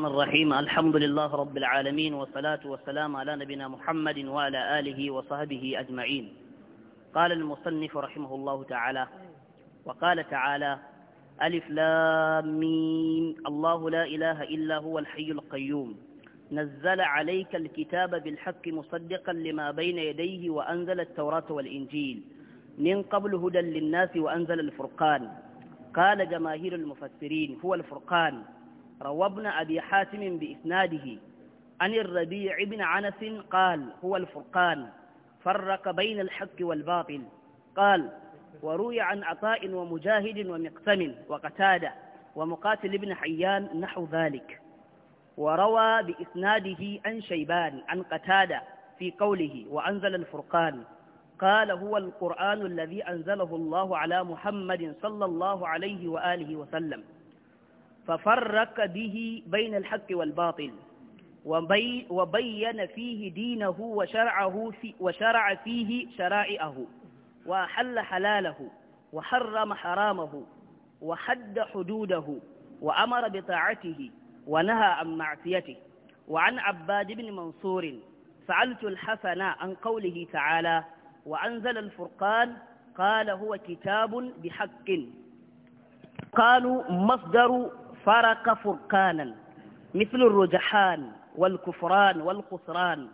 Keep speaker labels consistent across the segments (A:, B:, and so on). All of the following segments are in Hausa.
A: الرحمن الرحيم الحمد لله رب العالمين والصلاة والسلام على نبينا محمد وعلى آله وصحبه أجمعين قال المصنف رحمه الله تعالى وقال تعالى ألف لامين الله لا إله إلا هو الحي القيوم نزل عليك الكتاب بالحق مصدقا لما بين يديه وأنزل التوراة والإنجيل من قبل هدى للناس وأنزل الفرقان قال جماهير المفسرين هو الفرقان روى ابن أبي حاتم بإسناده عن الربيع بن عنس قال هو الفرقان فرق بين الحق والباطل قال وروي عن عطاء ومجاهد ومقسم وقتادة ومقاتل بن حيان نحو ذلك وروى بإسناده عن شيبان عن قتادة في قوله وأنزل الفرقان قال هو القرآن الذي أنزله الله على محمد صلى الله عليه وآله وسلم ففرق به بين الحق والباطل وبي وبين فيه دينه وشرعه في وشرع فيه شرائعه وحل حلاله وحرم حرامه وحد حدوده وأمر بطاعته ونهى عن معصيته وعن عباد بن منصور فعلت الحسن عن قوله تعالى وأنزل الفرقان قال هو كتاب بحق قالوا مصدر فرق فرقانا مثل الرجحان والكفران والخسران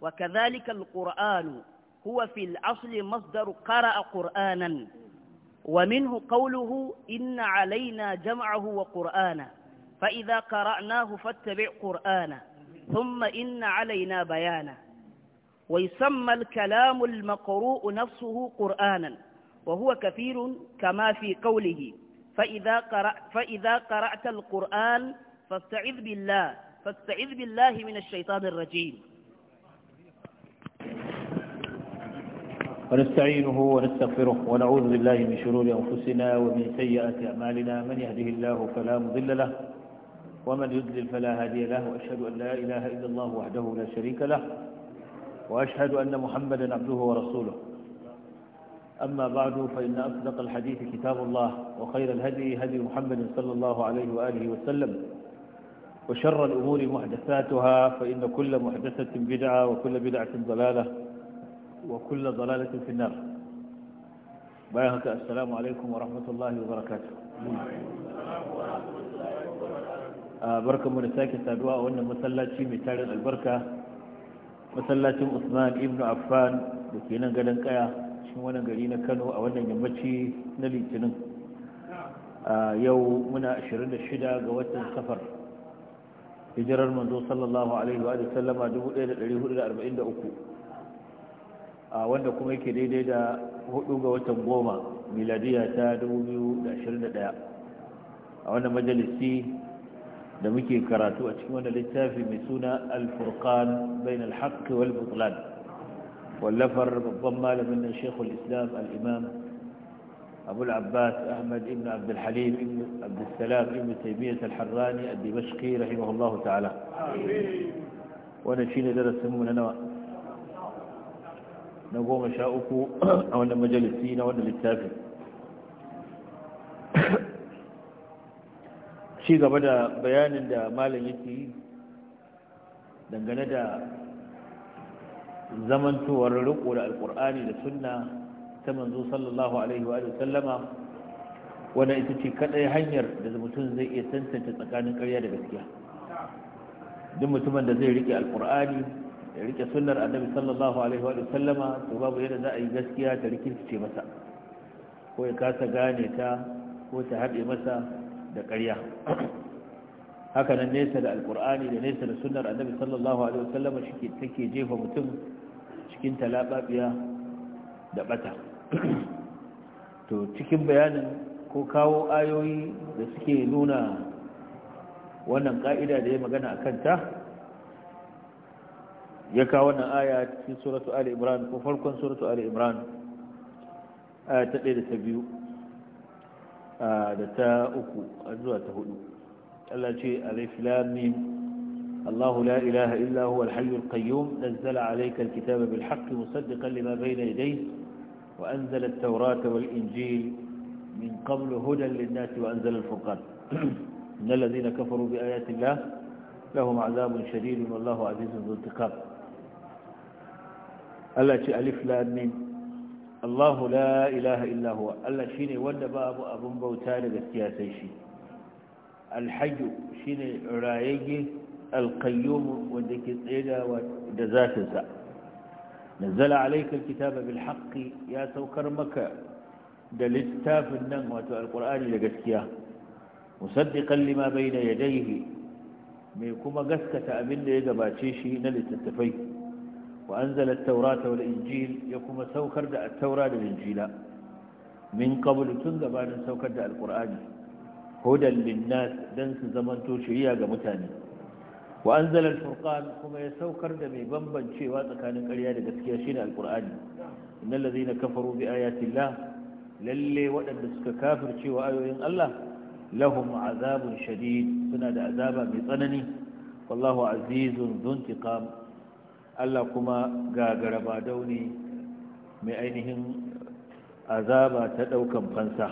A: وكذلك القرآن هو في الأصل مصدر قرأ قرآنا ومنه قوله إن علينا جمعه وقرآنا فإذا قرأناه فاتبع قرآنا ثم إن علينا بيانا ويسمى الكلام المقروء نفسه قرآنا وهو كثير كما في قوله فإذا, قرأت, فإذا قرأت القرآن فاستعذ بالله فاستعذ بالله من الشيطان الرجيم
B: ونستعينه ونستغفره ونعوذ بالله من شرور أنفسنا ومن سيئات أعمالنا من يهده الله فلا مضل له ومن يضلل فلا هادي له وأشهد أن لا إله إلا الله وحده لا شريك له وأشهد أن محمدا عبده ورسوله أما بعد فإن أصدق الحديث كتاب الله وخير الهدي هدي محمد صلى الله عليه وآله وسلم وشر الأمور محدثاتها فإن كل محدثة بدعة وكل بدعة ضلالة وكل ضلالة في النار بايهك السلام عليكم ورحمة الله وبركاته آه، بركة منساك السادواء وأن في مثال البركة مسلات عثمان ابن عفان بكينا قدن كياه cikin wannan gari na kano a wannan yammaci na litinin yau muna 26 ga watan safar hijirar manzo sallallahu alaihi wa sallama 1443 wanda kuma yake daidai da 4 ga watan goma miladiya ta 2021 a wannan majalisi da muke karatu a cikin wannan littafi mai suna al-furqan bain al-haqq wal butlan واللفر بالضمة لمن شيخ الإسلام الإمام أبو العباس أحمد بن عبد الحليم بن عبد السلام بن تيمية الحراني الدمشقي رحمه الله تعالى امين. وانا ونشين درس سمونا نوى نقوم مشاؤكو أولا مجلسين أولا للتافي شيء قبل بيان دا مالا يتي دنگنا دا zamantowar riko da alkur'ani da sunna ta manzo sallallahu alaihi wa sallama wanda ita ce kadai hanyar da mutum zai iya tantance tsakanin ƙarya da gaskiya duk mutumin da zai rike alkur'ani ya rike sunnar annabi sallallahu alaihi wa sallama to babu yadda za a yi gaskiya ta rikirce masa ko ya kasa gane ta ko ta haɗe masa da ƙarya haka nan nesa da alkur'ani da nesa da sunnar annabi sallallahu alaihi wa sallama shi take jefa mutum cikin talababiya da bata to cikin bayanin ko kawo ayoyi da suke nuna wannan ka'ida da ya magana a kanta ya kawo wannan aya cikin suratu ali imran ko farkon suratu ali imran aya ta ɗaya da ta biyu da ta uku zuwa ta hudu Allah ce a laifilamin الله لا إله إلا هو الحي القيوم نزل عليك الكتاب بالحق مصدقا لما بين يديه وأنزل التوراة والإنجيل من قبل هدى للناس وأنزل الفرقان إن الذين كفروا بآيات الله لهم عذاب شديد والله عزيز ذو انتقام Allah ألف لا lamin الله لا إله إلا هو Allah shine باب أبو abun bauta da gaskiya sai شيني alhayyu القيوم وذيك الإله وذات الزع نزل عليك الكتاب بالحق يا سوكر مكة دلستاف النم القرآن لقسكيا مصدقا لما بين يديه ميكما قسكة أبن يقباتيشي نلت التفي وأنزل التوراة والإنجيل يكما سوكر التوراة والإنجيل من قبل تنقبان سوكر القرآن هدى للناس دنس زمن توشيها قمتاني wa anzala kuma ya saukar da mai bambancewa tsakanin karya da gaskiya shine al-qur'ani innal ladzina kafaru bi ayati llah lalle waɗanda suka kafirce wa ayoyin Allah lahum azabun shadid suna da azaba mai tsanani wallahu azizun dhuntiqam Allah kuma ga ba dauni mai ainihin azaba ta ɗaukan fansa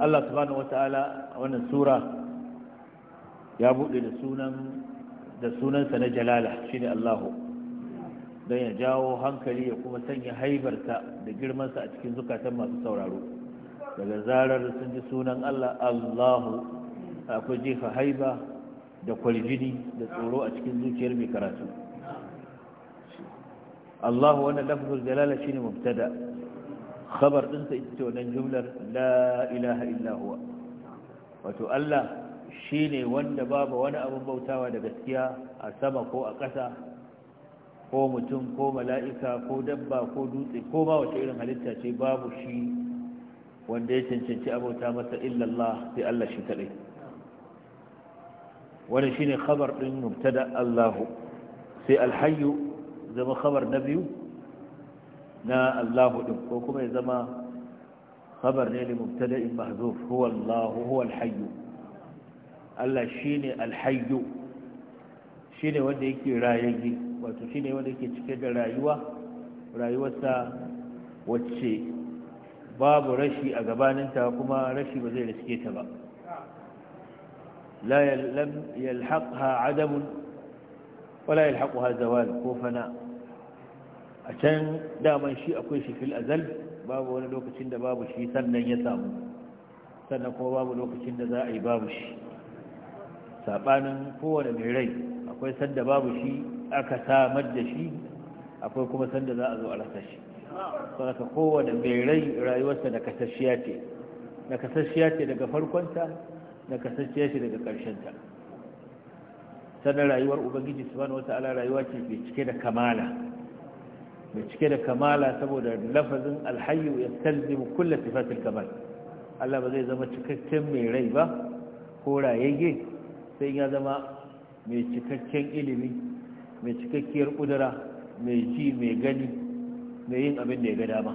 B: Allah subhanahu wata'ala a wannan sura ya buɗe da sunan da sunansa na jalala shine Allahu don ya jawo hankali ya kuma sanya haibarta da girmansa a cikin zukatan masu sauraro daga zarar sun ji sunan Allah Allahu akwai jefa haiba da kwaljini da tsoro a cikin zuciyar mai karatu Allahu wannan lafazin jalala shine mubtada khabar ɗinsa ita wannan jumlar la ilaha illa huwa wato Allah shi ne wanda babu wani abin bautawa da gaskiya a sama ko a ƙasa ko mutum ko mala'ika ko dabba ko dutse ko ba wace irin halitta ce babu shi wanda ya cancanci abauta masa illallah sai Allah shi kaɗai wani shi ne khabar ɗin mubtada Allahu sai alhayu zama khabar na biyu na Allahu din ko kuma ya zama khabar ne li mubtada'in mahzuf huwa Allahu huwa al-hayy Allah shine al-hayy shine wanda yake rayayye wato shine wanda yake cike da rayuwa rayuwarsa wacce babu rashi a gabaninta kuma rashi ba zai riske ta ba la lam yalhaqha adamun wala yalhaquha zawal ko fana' a can daman shi akwai shi fil azal babu wani lokacin da babu shi sannan ya samu sannan kuma babu lokacin da za a yi babu shi saɓanin kowane mai rai akwai sanda babu shi aka samar da shi akwai kuma sanda za a zo a rasa shi saboda kowane mai rai rayuwarsa na kasashiya ce na kasashiya ce daga farkonta na kasashiya ce daga ƙarshenta sannan rayuwar ubangiji wata ala rayuwa ce ke cike da kamala mai cike da kamala saboda lafazin alhayu ya talzimu kulla sifatil kamar Allah ba zai zama cikakken mai rai ba ko rayayye sai ya zama mai cikakken ilimi mai cikakkiyar kudura mai ji mai gani mai yin abin da ya ga dama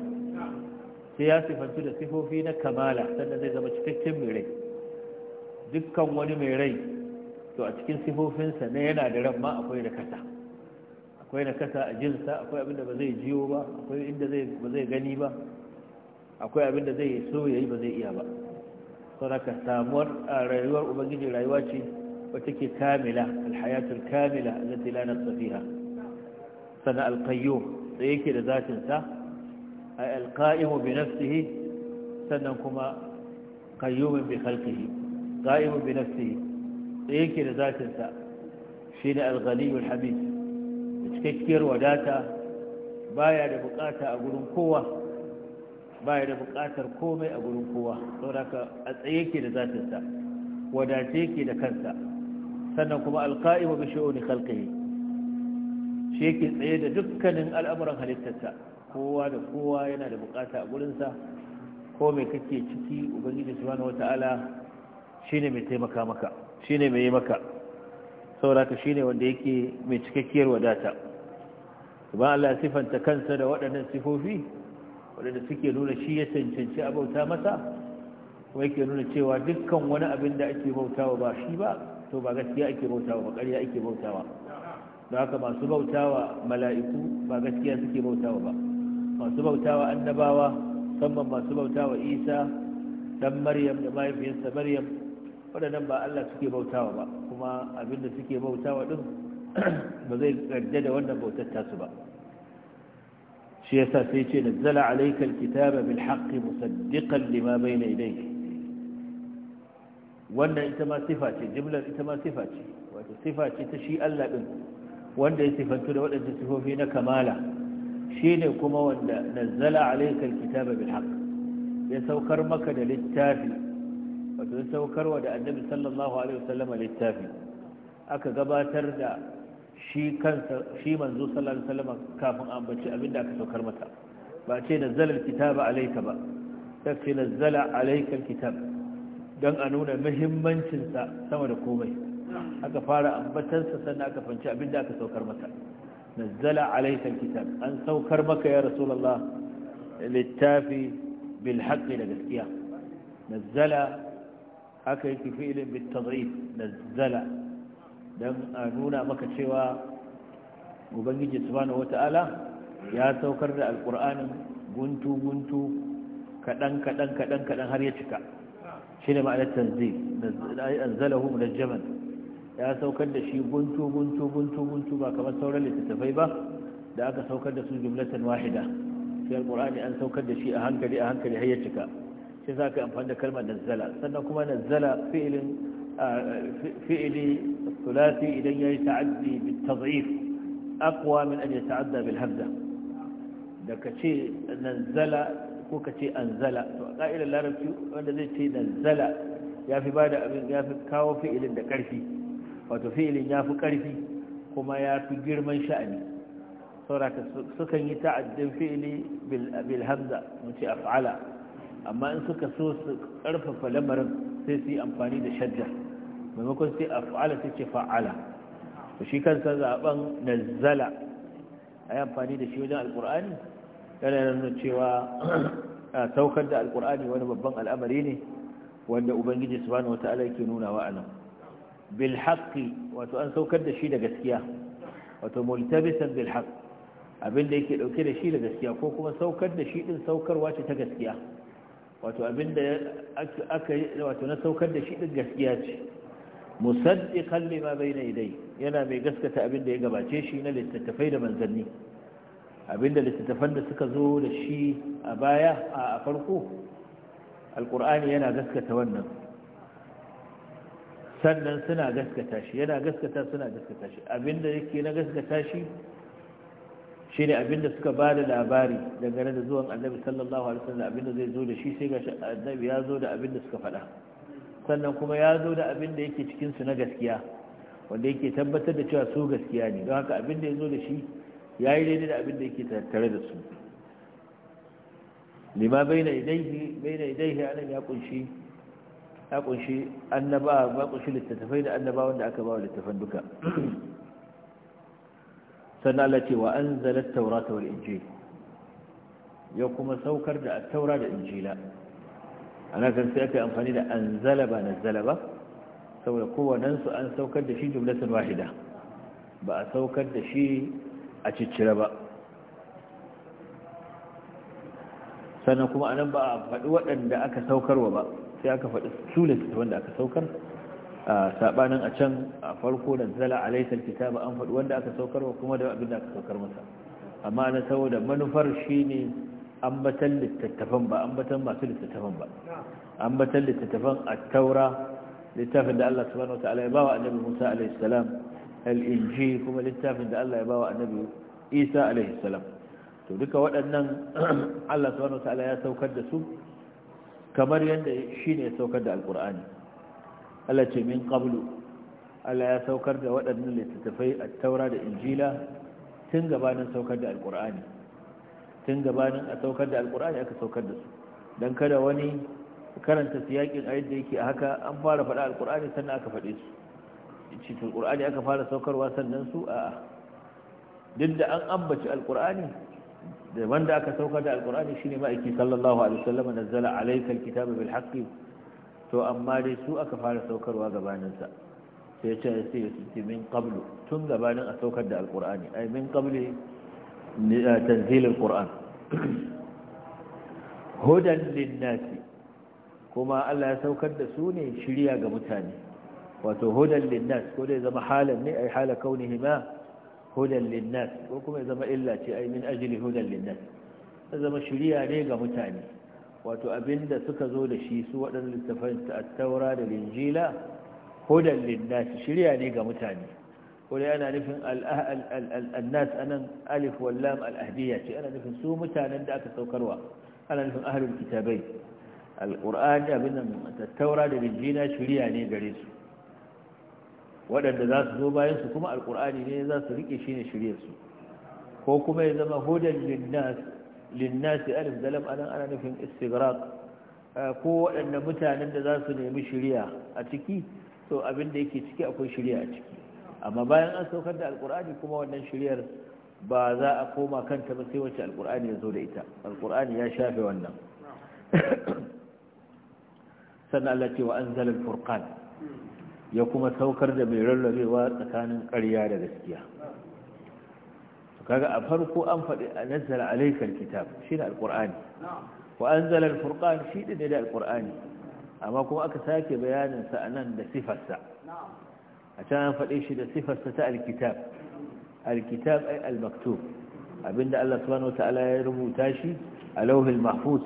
B: sai ya sifantu da sifofi na kamala sannan zai zama cikakken mai rai dukkan wani mai rai to a cikin sifofinsa na yana da ran ma akwai da kasa akwai kasa a jinsa akwai abinda ba zai jiyo ba akwai inda ba zai gani ba akwai abinda zai so ya yi ba zai iya ba sauraka samuwar a rayuwar ubangiji rayuwa ce wata ke kamila alhayatul kamila allati la nafsa fiha sana alqayyum da yake da zatin sa ay alqa'imu bi nafsihi sannan kuma qayyumun bi khalqihi qa'imun bi nafsihi da yake da zatin sa shine alghaniyul hamid cikakkiyar wadata baya da bukata a gurin kowa baya da bukatar komai a gurin kowa saboda a tsaye ke da zatinsa wadace ke da kansa sannan kuma alka'imu bi ne khalqihi shi yake tsaye da dukkanin al'amuran halittarsa kowa da kowa yana da bukata a gurinsa ko mai kake ciki ubangiji subhanahu wata'ala shine mai taimaka maka shine mai yi maka sauraka ne wanda yake mai cikakkiyar wadata ba Allah ya sifanta kansa da waɗannan sifofi waɗanda suke nuna shi ya cancanci a bauta masa kuma yake nuna cewa dukkan wani abin da ake bautawa ba shi ba to ba gaskiya ake bautawa ba ƙarya ake bautawa da haka masu bautawa mala'iku ba gaskiya suke bautawa ba masu bautawa annabawa musamman masu bautawa isa dan maryam da mahaifiyarsa maryam waɗannan ba Allah suke bautawa ba kuma abinda suke bautawa din ba zai garje da wannan bautar tasu ba shi yasa sai ce nazzala alayka alkitaba bil haqqi musaddiqan lima bayna yadayhi wannan ita ma sifa ce jimlar ita ma sifa ce wato sifa ce ta shi Allah din wanda ya sifantu da waɗannan sifofi na kamala Shi ne kuma wanda nazzala alayka alkitaba bil haqq ya saukar maka da littafi wato saukarwa da annabi sallallahu alaihi wasallam littafi aka gabatar da shi kansa shi manzo sallallahu alaihi wasallam kafin ambaci abinda aka saukar mata ba ce nazzala alkitaba alayka ba sai ce nazzala alayka alkitab dan a nuna muhimmancin sa sama da komai aka fara ambatansa sannan aka fanci abinda aka saukar mata nazzala alayka alkitab an saukar maka ya rasulullah littafi bil haqqi da gaskiya nazzala haka yake fi'ilin da zala don a nuna maka cewa ubangiji subhanahu wata'ala ya saukar da alqur'anin guntu guntu kaɗan kaɗan kaɗan har ya cika shi shine ma'anar tanzil nazzalahu munajjaman ya saukar da shi guntu guntu guntu guntu ba kamar sauran littattafai ba da aka saukar da su jumlatan wahida sai alqur'ani an saukar da shi a hankali a hankali har ya cika shi za ka amfani da kalmar nazzala sannan kuma nazzala fi'ilin fi'ili sulasi idan yayi ta'addi bit tad'if aqwa min an yata'adda bil hamza da ce nazzala ko kace anzala to a ka'idar larabci wanda zai ce nazzala yafi bada abin yafi kawo fi'ilin da ƙarfi wato fi'ilin fi ƙarfi kuma ya fi girman sha'ani saboda sukan yi ta'addin fi'ili bil hamza mu ce af'ala amma in suka so su karfafa lamarin sai su yi amfani da shadda maimakon sai a fa'ala sai ce fa'ala to shi kansa zaben nazzala a yi amfani da shi wajen alkur'ani yana nuna cewa saukar da alkur'ani wani babban al'amari ne wanda ubangiji subhanahu wata'ala yake nuna wa anan bil haqqi wato an saukar da shi da gaskiya wato multabisan bil haqq abin da yake dauke da shi da gaskiya ko kuma saukar da shi din saukarwa ce ta gaskiya wato abinda aka yi wato na saukar da shi din gaskiya ce musaddiqan lima bayna yadayhi yana mai gaskata abinda ya gabace shi na littattafai da manzanni abinda littattafan da suka zo da shi a baya a farko alkur'ani yana gaskata wannan sannan suna gaskata shi yana gaskata suna gaskata shi abinda yake na gaskata shi shi ne abinda suka ba da labari dangane da zuwan annabi sallallahu alaihi wasallam abinda zai zo da shi sai ga annabi ya zo da abinda suka faɗa sannan kuma ya zo da abinda yake cikin su na gaskiya wanda yake tabbatar da cewa su gaskiya ne don haka abinda ya zo da shi ya yi daidai da abinda yake tattare da su lima baina idaihi baina idaihi anan ya kunshi ya kunshi annaba ba kunshi littattafai da annaba wanda aka ba wa littafan duka sannan Allah ce wa anzala at-taurata wal injil ya kuma saukar da at-taura da injila a kan sai aka yi amfani da anzala ba nazzala ba saboda kowannen su an saukar da shi jumlatan wahida ba a saukar da shi a ciccira ba sannan kuma anan ba a faɗi waɗanda aka saukarwa ba sai aka faɗi su wanda aka saukar sabanin a can a farko da zala a alaisal kitaba an faɗi wanda aka saukar wa kuma da abin da aka saukar masa amma na saboda manufar shi shine ambatan littattafan ba ambatan masu littattafan ba ambatan littattafan a taura littafin da Allah subhanahu wataala ya bawa annabi Musa alaihi salam kuma littafin da Allah ya bawa annabi Isa alaihi to duka waɗannan Allah subhanahu wataala ya saukar da su kamar yadda shi ne ya saukar da alqur'ani Allah ce min qablu Allah ya saukar da waɗannan littattafai a taura da injila tun gabanin saukar da Alƙur'ani tun gabanin a saukar da Alƙur'ani aka saukar da su don kada wani karanta siyakin ayyar da yake haka an fara faɗa Alƙur'ani sannan aka faɗe su cikin Alƙur'ani aka fara saukarwa sannan su a duk da an ambaci Alƙur'ani da wanda aka saukar da Alƙur'ani shine ma'aiki sallallahu alaihi wasallam nazzala alaikal kitaba bil haqqi to amma dai su aka fara saukarwa gabaninsa sai ce sai su suke min qablu tun gabanin a saukar da alqur'ani ai min qabli eh, tanzil alqur'an hudan linnasi kuma Allah ya saukar da su ne shirya ga mutane wato hudan linnas ko dai zama halan ne ai hala ma hudan linnas ko kuma zama illa ce ai min ajli hudan linnas zama shirya ne ga mutane wato abinda suka zo da shi su waɗanda waɗannan littafan taura da linjila hudan linnasi shirya ne ga mutane kuma yana nufin al'annas anan alif wallam al'ahdiya ce ana nufin su mutanen da aka saukarwa ana nufin ahalul kitabai al'ur'ani abin tattaura da linjila shirya ne gare su waɗanda za su zo bayan su kuma al'ur'ani ne za su riƙe shi ne shiryarsu ko kuma ya zama hudan linnas linnasi alif zalam anan ana nufin istigraq ko waɗanda mutanen da za su nemi shirya a ciki to abin da yake ciki akwai shirya a ciki amma bayan an saukar da alkur'ani kuma wannan shiryar ba za a koma kanta ba sai wacce alkur'ani ya zo da ita alkur'ani ya shafe wannan sannan Allah ce wa an furqan ya kuma saukar da mai rarrabewa tsakanin ƙarya da gaskiya kaga a farko an faɗi a nazzala alaikar kitab shi da alƙur'ani wa an zala alfurƙan shi ne da alƙur'ani amma kuma aka sake bayaninsa a nan da sifarsa a can an faɗi shi da sifarsa ta alkitab alkitab ai almaktub abinda Allah subhanahu wata'ala ya rubuta shi a lauhin mahfuz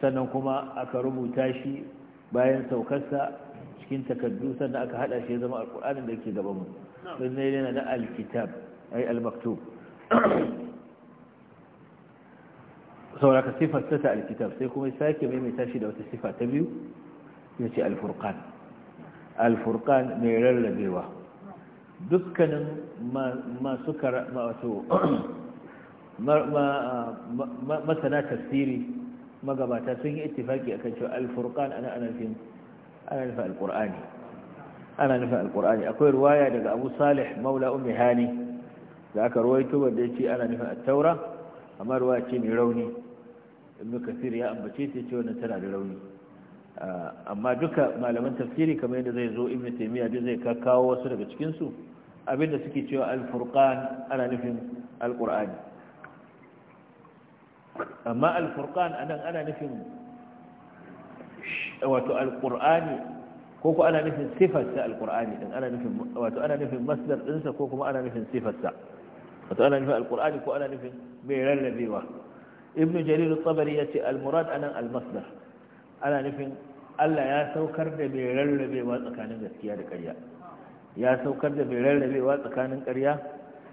B: sannan kuma aka rubuta shi bayan saukarsa cikin takardu sannan aka haɗa shi ya zama alƙur'anin da yake gaban sun ne yana da alkitab ai almaktub sauraka sifar ta ta alkitab sai kuma sake mai tashi da wata sifa ta biyu ya ce alfurkan alfurkan mai rarrabewa dukkanin masu wato masana tasiri magabata sun yi a kan cewa alfurkan ana ana nufin ana nufin alkur'ani ana nufin alkur'ani akwai ruwaya daga abu salih maula ummi hani da aka rawaito wanda ya ce ana nufin attaura amma ruwa ce mai rauni ibn kasir ya ambace ta ce wannan tana da rauni ah, amma duka malaman tafsiri kamar yadda zai zo ibn taymiya duk zai kawo wasu daga cikin su abinda suke cewa al-furqan ana nufin al-qur'ani amma al-furqan anan ana nufin wato al-qur'ani ko ko ana nufin sifarsa alkur'ani din ana nufin wato ana nufin masdar dinsa ko kuma ana nufin sifarsa wato ana nufin alqur'ani ko ana nufin mai rarrabewa Ibn jarir Tsabari ya ce almurad anan almasdar. ana nufin Allah ya saukar da mai rarrabewa tsakanin gaskiya da ƙarya ya saukar da mai rarrabewa tsakanin ƙarya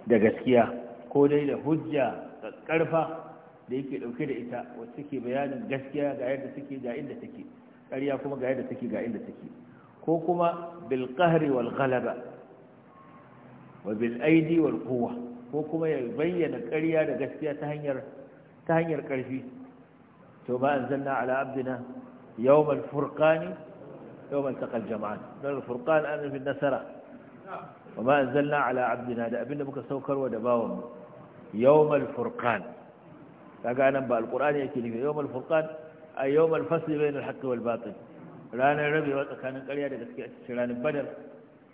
B: da gaskiya ko dai da hujja da ƙarfa da yake ɗauke da ita wacce ke bayanin gaskiya ga yadda take ga inda take ƙarya kuma ga yadda take ga inda take ko kuma bil qahri wal ghalaba wa bil aidi wal quwwa ko kuma ya bayyana ƙarya da gaskiya ta hanyar ƙarfi to ba anzalna ala abdina yawmal furqani yawmal taqal jama'an dan furqan an fi nasara Ba ma anzalna ala abdina da abinda muka saukarwa da bawan yawmal furqan kaga nan ba alqur'ani yake nufi yawmal furqan ay yawmal fasl bayna al-haqqi wal batil ranar rabewa tsakanin ƙarya da gaskiya a cikin ranar badar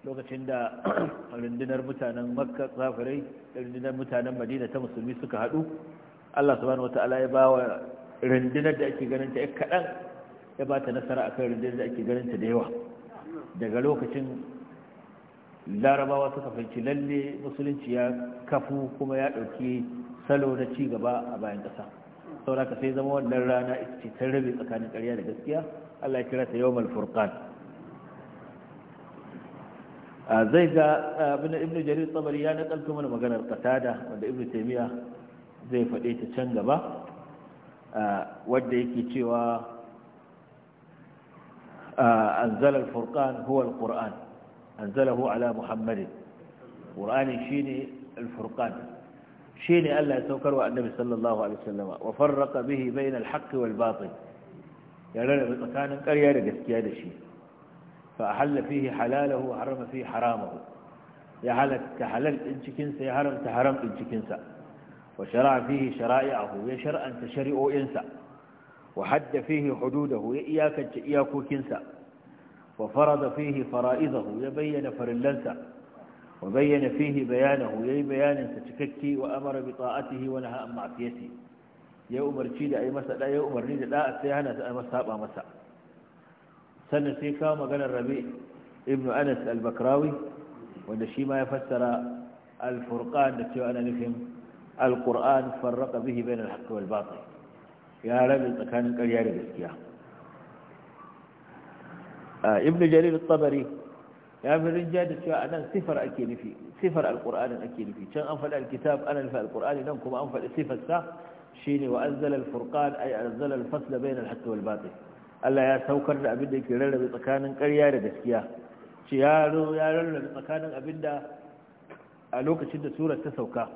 B: lokacin da rundunar mutanen makka zafirai da rundunar mutanen madina ta musulmi suka haɗu allah subhanahu wa ta'ala ya ba wa rundunar da ake ganin ta kaɗan ya ba ta nasara a kan rundunar da ake ganin ta da yawa daga lokacin larabawa suka fahimci lalle musulunci ya kafu kuma ya ɗauki salo na ci gaba a bayan ƙasa sauraka sai zama wannan rana ita ce ta rabe tsakanin ƙarya da gaskiya allah ya kira ta yawmal furqan zai ga abin ibn jarir tsabari ya nakalto mana maganar qatada wanda ibn taymiya zai faɗe ta can gaba wanda yake cewa anzal al-furqan huwa al-qur'an anzalahu ala muhammadin qur'ani shine al-furqan shine Allah ya saukar wa annabi sallallahu alaihi wasallama wa farraqa bihi bayna al-haqqi wal batil ya rarrabe tsakanin ƙarya da gaskiya da shi فأحل فيه حلاله وحرم فيه حرامه يا حلال تحلل كنسى يا حرم تحرم كنسى وشرع فيه شرائعه يا شرعا تشرئ إنسا وحد فيه حدوده يا إياك إياكو كنسا وفرض فيه فرائضه يبين فرلنسا وبين فيه بيانه يي بيان ستككي وأمر بطاعته ونهى عن معصيته يا أمر أي مسألة يا أمر نيد لا أتيانا سأمسها بأمسها سنة سيكا مقال الربيع ابن أنس البكراوي وإن الشيما يفسر الفرقان التي أنا نفهم القرآن فرق به بين الحق والباطل يا ربي كان قال يا رب ابن جليل الطبري يا ابن رجال نتيو أنا سفر أكي نفي سفر القرآن أكي نفي شان أنفل الكتاب أنا نفع القرآن لنكم أنفل سفر سا شيني وأنزل الفرقان أي أنزل الفصل بين الحق والباطل Allah ya saukar da abin da ke rarrabe tsakanin ƙarya da gaskiya ce yaro ya rarrabe tsakanin abin da a lokacin da surar ta sauka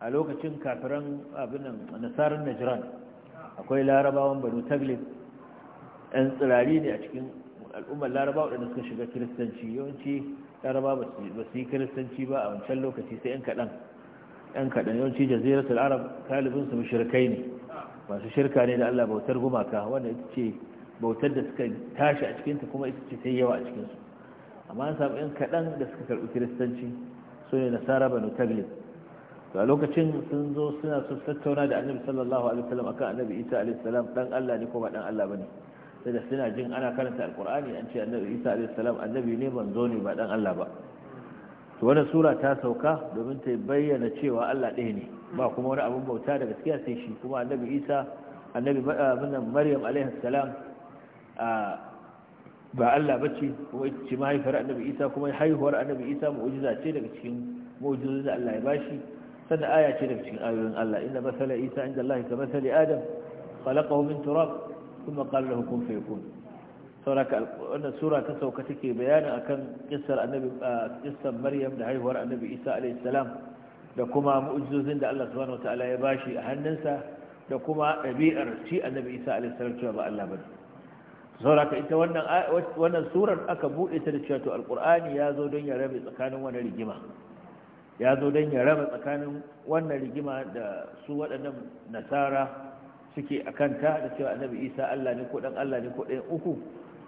B: a lokacin kafiran abin nasarar najran akwai larabawan banu taglib yan tsirari ne a cikin al'ummar larabawa da suka shiga kiristanci yawanci larabawa ba su yi kiristanci ba a wancan lokaci sai yan kaɗan yan kaɗan yawanci jaziratul arab talibinsu mushrikai ne masu shirka ne da Allah bautar gumaka wanda ita ce bautar da suka tashi a cikinta kuma ita ce yi yawa a cikinsu amma an samu 'yan kaɗan da suka karɓi kiristanci su ne nasara banu taglib to a lokacin sun zo suna so tattauna da annabi sallallahu alaihi wasallam akan annabi isa alaihi salam dan Allah ne ko ba dan Allah bane sai da suna jin ana karanta alqur'ani an ce annabi isa alaihi salam annabi ne manzo ne ba dan Allah ba to wannan sura ta sauka domin ta bayyana cewa Allah ɗaya ne ba kuma wani abin bauta daga gaskiya sai shi kuma annabi Isa annabi eh, Maryam alaihi ah, ba Allah bace kuma ce mahaifar annabi Isa kuma haihuwar annabi Isa mu'jiza ce daga cikin mu'jizozin da Allah ya bashi sannan aya ce daga cikin ayoyin Allah inna masala Isa inda Allah ka masali Adam khalaqahu min turab ثم قال له كن فيكون sauraka wannan sura ta sauka take bayani akan kissar annabi kissar Maryam da haihuwar annabi Isa alayhi salam da kuma mu'jizozin da Allah subhanahu wataala ya bashi a hannunsa da kuma ɗabi'ar shi annabi Isa alayhi salam cewa ba Allah bane sauraka ita wannan wannan surar aka bude ta da cewa to alqur'ani ya don ya rabe tsakanin wannan rigima ya zo don ya raba tsakanin wannan rigima da su waɗannan nasara suke a kanta da cewa annabi isa allah ne ko dan allah ne ko ɗayan uku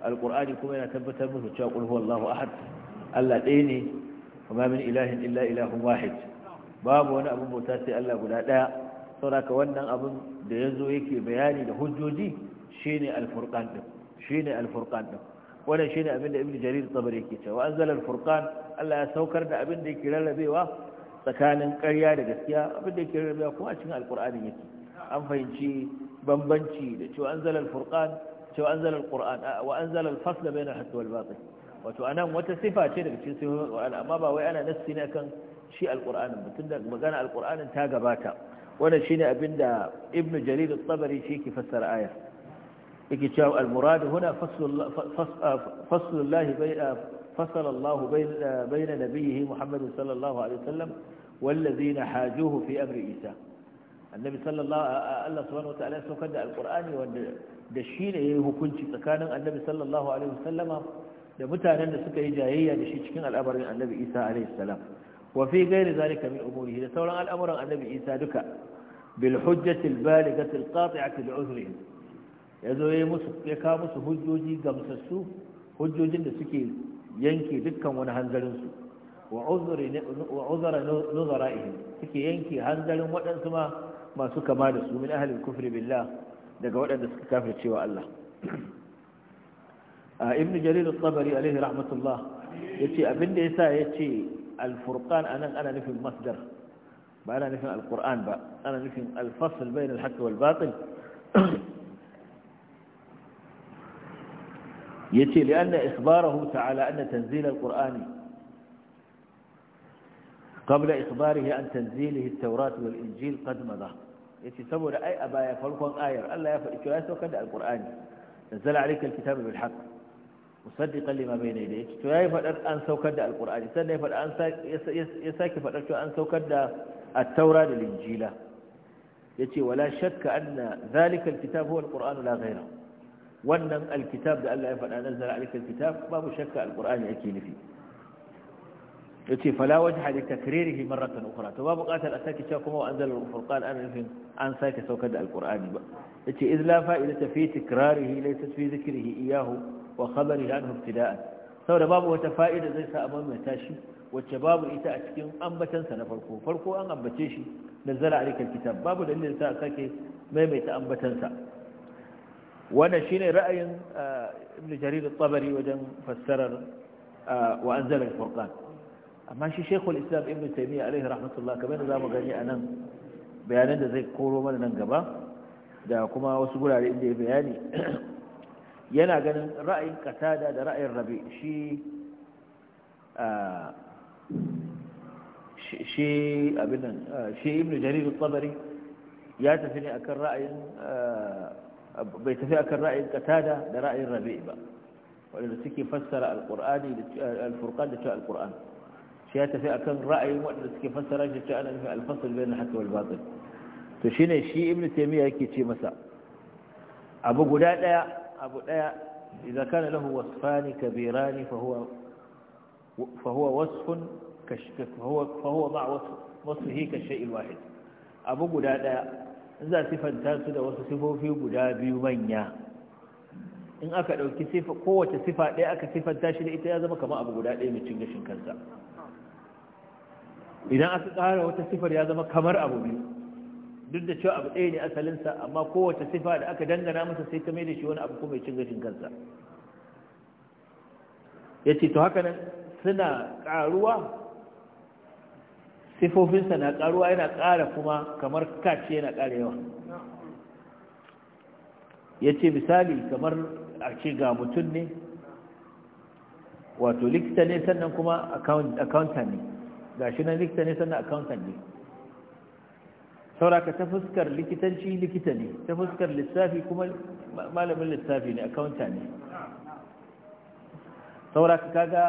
B: Alƙur'ani kuma yana tabbatar musu cewa qul huwallahu ahad Allah ɗaya ne kuma min ilahin illa ilahun wahid babu wani abin bauta sai Allah guda ɗaya saboda wannan abin da yazo yake bayani da hujjoji shine al-furqan din shine al-furqan din wannan shine abin da ibnu jarir tabari yake cewa anzala al-furqan Allah ya saukar da abin da yake rarrabewa tsakanin ƙarya da gaskiya abin da yake rarrabewa kuma a cikin alqur'ani yake an fahimci bambanci da cewa anzala al-furqan وأنزل القرآن وأنزل الفصل بين الحق والباطل وتؤنم وتصفات وأنا ما بأوي أنا نسينا كان شيء القرآن ما كان القرآن انتهى قباتا وأنا شين أبن ابن جرير الطبري شيء السر آية إكتشاف المراد هنا فصل آه، آه، فصل الله بين فصل الله بين بين نبيه محمد صلى الله عليه وسلم والذين حاجوه في أمر إيسا النبي صلى الله عليه آه، وسلم الله سبحانه وتعالى سكد القرآن da shi ne yayi hukunci tsakanin annabi sallallahu alaihi da mutanen da suka yi jayayya da shi cikin al'amarin annabi isa alaihi salam wa fi ghairi zalika min umurihi da sauran al'amuran annabi isa duka bil hujjati al balighati al qati'ati li uzrihi musu ya ka musu hujjoji gamsassu hujjojin da suke yanke dukkan wani hanzarin su wa uzri wa uzra nuzara'ihim suke yanke hanzarin waɗansu ma masu kama da su min ahli kufri billah daga waɗanda suka kafirce wa Allah a ibn jarir al-tabari alaihi rahmatullah yace abinda yasa yace al-furqan anan ana nufin masdar ba ana nufin al-qur'an ba ana nufin al-fasl bayna al-haqq wal batil yace lianna ikhbarahu ta'ala anna tanzil al-qur'ani qabla ikhbarihi an tanzilihi at-taurat wal-injil qad madah yace saboda ai a baya farkon ayar Allah ya faɗi cewa ya saukar da Alƙur'ani alqur'ani nazzala alayka alkitaba bil haqq musaddiqan lima bayna yadayhi yace to yayi faɗar an saukar da Alƙur'ani sannan ya faɗa an ya saki faɗar cewa an saukar da at-taura da injila yace wala shakka anna zalika alkitab huwa alqur'anu la ghayra wannan alkitab da Allah ya faɗa nazzala alayka kitab babu shakka alqur'ani ake nufi ya ce falawaj halitta kiririhi marratan ukura to babu buƙatar a sake cewa kuma wa an zalar furqan an nufin an sake saukar da alƙur'ani ba yace ce iz la fa'ida ta fi tikrarihi laysa fi zikrihi iyahu wa khabarihi anhu ibtida'an saboda babu wata fa'ida zai sa abin mai tashi wacce babu ita a cikin ambatansa na farko farko an ambace shi da zara alikal kitab babu dalilin sa sake maimaita ambatansa wannan shine ra'ayin ah, ibn jarir at-tabari wajen fassarar ah, wa anzala al-furqan amma shi shekul islam ibn taimiyya alaihi rahmatullah kamar da za mu gani a nan bayanan da zai koro mana nan gaba da kuma wasu gurare inda ya bayani yana ganin ra'ayin katada da ra'ayin rabi shi shi abinan shi ibn jarir al-tabari ya tafi ne akan ra'ayin bai tafi akan ra'ayin katada da ra'ayin rabi ba wanda suke fassara al-qur'ani al-furqan da ta al-qur'an shi ya tafi akan ra'ayin waɗanda suke fassara shi ta ana nufin alfasal bayan na haqq wal batil to shine shi ibnu taymiya yake ce masa abu guda daya abu daya idza kana lahu wasfani kabirani fa huwa fa huwa wasfun ka fa huwa fa huwa ma ka shay'il wahid abu guda daya in za sifanta su da wasu sifofi guda biyu manya in aka ɗauki kowace sifa daya aka sifanta shi da ita ya zama kamar abu guda daya mai cin gashin kansa idan aka ƙara wata sifar ya zama kamar abu biyu duk da cewa abu ɗaya ne asalinsa amma kowace sifa da aka dangana masa sai ta mai da shi wani abu kuma cin gashin kansa ya ce to haka nan suna ƙaruwa sifofinsa na ƙaruwa yana ƙara kuma kamar kaci yana ƙara yawa ya ce misali kamar a ce ga mutum ne wato likita ne sannan kuma accountant ne ga shi nan likita ne sannan accountant ne sauraka ta fuskar likitanci likita ne ta fuskar lissafi kuma malamin lissafi ne accountant ne sauraka kaga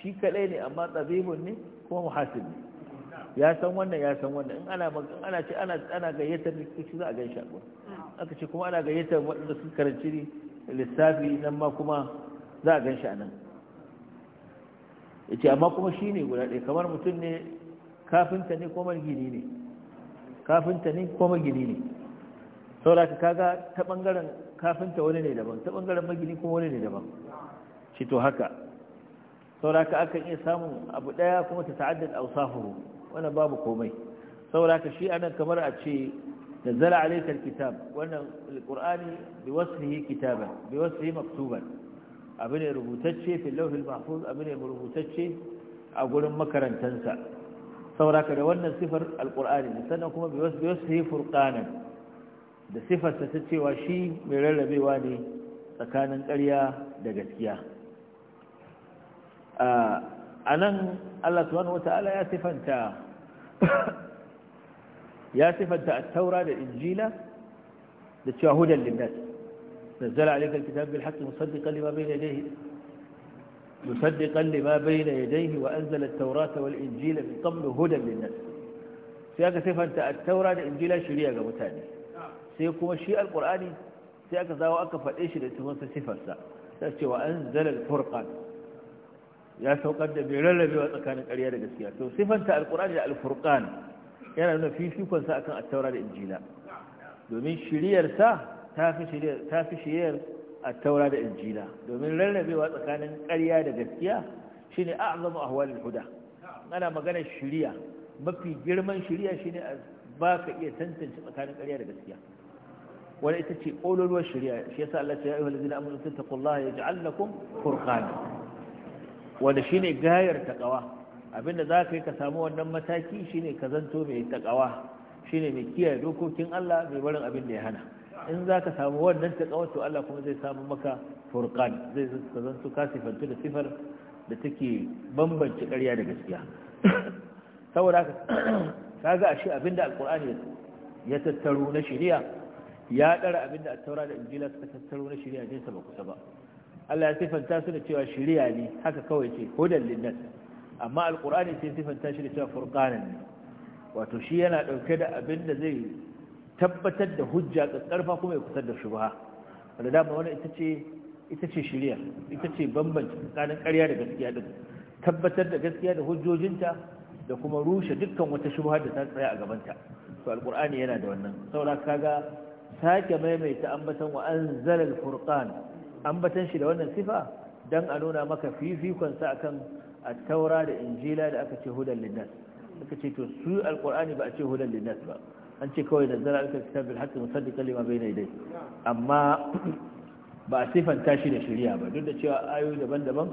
B: shi kadai ne amma tsabibin ne kuma muhasib ne ya san wannan ya san wannan in ana ana ce ana ana gayyatar likitanci za a gan shago aka ce kuma ana gayyatar waɗanda suka karanci lissafi nan ma kuma za a gan shi a nan ya ce amma kuma shi ne guda ɗaya kamar mutum ne kafinta ne ko gini ne kafinta ne ko magini ne saboda ka kaga ta ɓangaren kafinta wani ne daban ta ɓangaren magini kuma wani ne daban shi to haka saboda ka akan iya samun abu ɗaya kuma ta ta'addad ausafuhu wannan babu komai saboda ka shi anan kamar a ce نزل عليك الكتاب وأن القرآن بوصفه كتابا yi maktuban. abu ne rubutacce filauhil mahfuz abu ne rubutacce a gurin makarantansa sauraka da wannan sifar alkur'ani sannan kuma biwasfi furqanan da sifarsa ta cewa shi mai rarrabewa ne tsakanin ƙarya da gaskiya a nan Allah subhanahu wata'ala ya sifanta ya sifanta taura da injila da cewa hudan linnas نزل عليك الكتاب بالحق مصدقا لما بين يديه مصدقا لما بين يديه وأنزل التوراة والإنجيل من قبل هدى للناس sai aka sifanta a taura da injila shirya ga mutane sai kuma shi alkur'ani sai aka zawo aka faɗe shi da tumansa sifarsa ta cewa an zalar furkan ya saukar da mai rarrabewa tsakanin ƙarya da gaskiya to sifanta alkur'ani da alfurkan yana nuna fifikonsa akan attaura da injila domin shiryarsa ta fi shiriyar a taura da injila domin rarrabewa tsakanin ƙarya da gaskiya shine a ahwalil huda ana magana shiriya mafi girman shiriya shine ba ka iya tantance tsakanin ƙarya da gaskiya wani ita ce ƙololuwar shiriya shi yasa Allah ce ya ayyuhal ta amanu tattaqullaha yaj'al lakum furqana wanda shine gayar takawa abinda za ka yi ka samu wannan mataki shine ka zanto mai takawa shine mai kiyaye dokokin Allah mai barin abin da ya hana in za ka samu wannan ta to Allah kuma zai samu maka furqan zai zan zanto ka sifantu da sifar da take bambance ƙarya da gaskiya saboda haka ka ga ashe abinda alqur'ani ya tattaro na shari'a ya dara abinda at-taura da injila suka tattaro na shari'a ne ba kusa ba Allah ya sifanta su da cewa shari'a ne haka kawai ce hudan linnas amma alqur'ani sai sifanta shi da cewa furqanan wato shi yana dauke da abinda zai tabbatar da hujja ƙarfa kuma ya kusa da shubha wadda dama wani ita ce ita ce shirya ita ce bambanci tsakanin ƙarya da gaskiya din tabbatar da gaskiya da hujjojinta da kuma rushe dukkan wata shubha da ta tsaya a gabanta to alqur'ani yana da wannan saboda kaga sake maimaita ambatan wa anzala alfurqan shi da wannan sifa dan a nuna maka fifikon sa akan at-taura da injila da aka ce hudan linnas suka ce to su alkurani ba a ce hudan linnas ba an ce kawai da zara alka kitab bil haqqi musaddiqan lima bayna yadayhi amma ba a sifanta shi da shari'a ba duk da cewa ayoyi daban-daban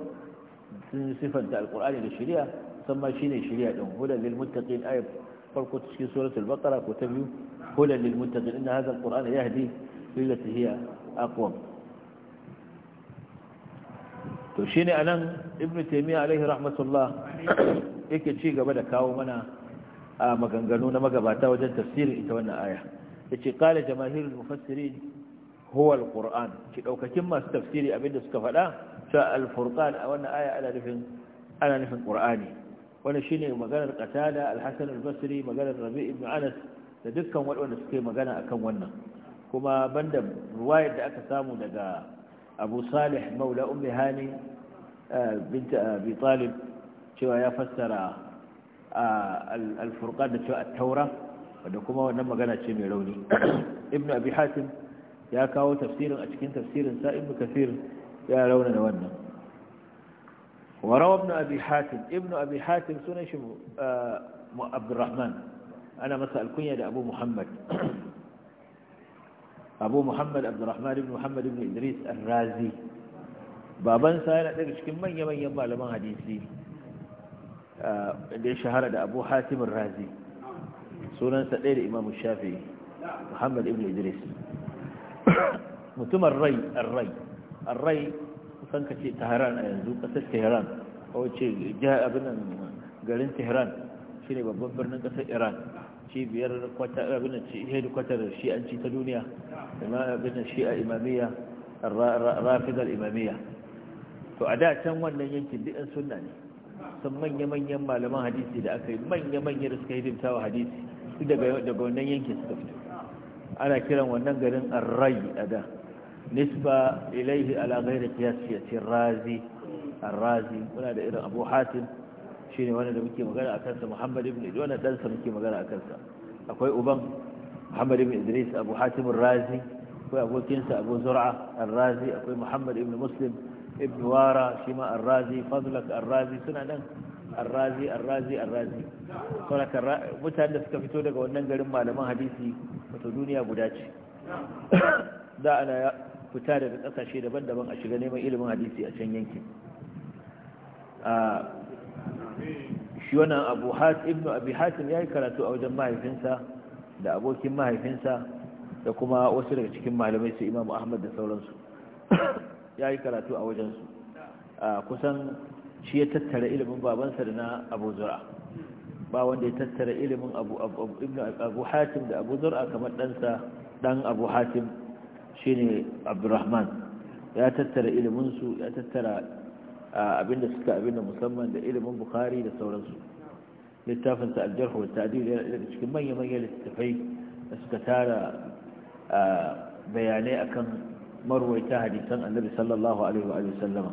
B: sun sifanta alkurani da shari'a musamman shine shari'a din hudan lil muttaqin ayat farko cikin suratul baqara ko ta biyu hudan lil muttaqin inna hadha alqur'ana yahdi lillati hiya aqwam to shine anan ibnu taymiya alaihi rahmatullah yake ci gaba da kawo mana a maganganu na magabata wajen tafsirin ita wannan aya yace qala jamaahirul mufassirin huwa ƙur'an, ki daukakin masu tafsiri abinda suka faɗa sha alfurqan a wannan aya ana nufin ana nufin qur'ani wannan shine maganar qatada al albasri maganar rabi ibn anas da dukkan waɗanda suke magana akan wannan kuma banda ruwayar da aka samu daga abu salih maula ummi hani Binta, abi talib cewa ya fassara a furqan da cewa at-taura wadda kuma wannan magana ce mai rauni Ibn abi hatim ya kawo tafsirin a cikin tafsirin sa ibnu kathir ya rauna da wannan wa rawa ibnu abi hatim ibnu abi hatim sunan shi abdurrahman ana masa alkunya da abu muhammad abu muhammad abdurrahman ibn muhammad ibn idris al-razi babansa yana daga cikin manya-manyan malaman hadisi da ya shahara da abu hatimin razi sunansa ɗaya da imamu shafi muhammad ibn idris mutumin rai arrai arrai kusan ka ce tehran a yanzu ƙasar tehran wace abinan garin tehran shi ne babban birnin ƙasar iran cibiyar abinan hedikwatar shi'anci ta duniya abinan shi'a imamiyya rafidar imamiyya to a da can wannan yankin duk 'yan sunna ne sun manya-manyan malaman hadisi da aka yi manya-manya da suka hidimta wa hadisi daga wannan yankin suka fito ana kiran wannan garin Ar-Rai a da nisba ilaihi alagai da qiyas fi razi arrazi muna da irin abu shi ne wanda da muke magana a kansa muhammad ibn idris wannan dansa muke magana a kansa, akwai uban muhammad ibn idris abu hatim Razi. akwai abokinsa abu zura arrazi akwai muhammad ibn muslim ibn wara shi ma arrazi fadlak arrazi suna nan arrazi arrazi arrazi mutanen da suka fito daga wannan garin malaman hadisi wato duniya guda ce da ana fita daga ƙasashe daban-daban a shiga neman ilimin hadisi a can yankin shi wannan abu ibn abi hatim ya yi karatu a wajen mahaifinsa da abokin mahaifinsa da kuma wasu daga cikin malamai su imamu ahmad da sauransu ya yi karatu a wajensu kusan shi ya tattara ilimin babansa da na abu zura ba wanda ya tattara ilimin abu hatim da abu zura kamar ɗansa ɗan abu hatim shi ne abdurrahman ya tattara iliminsu ya tattara abinda suka abinda musamman da ilimin bukari da sauransu littafinsa aljarhu wa ta'adil yana cikin manya-manyan littattafai da suka tara bayanai akan marwaita hadisan annabi sallallahu alaihi wa sallama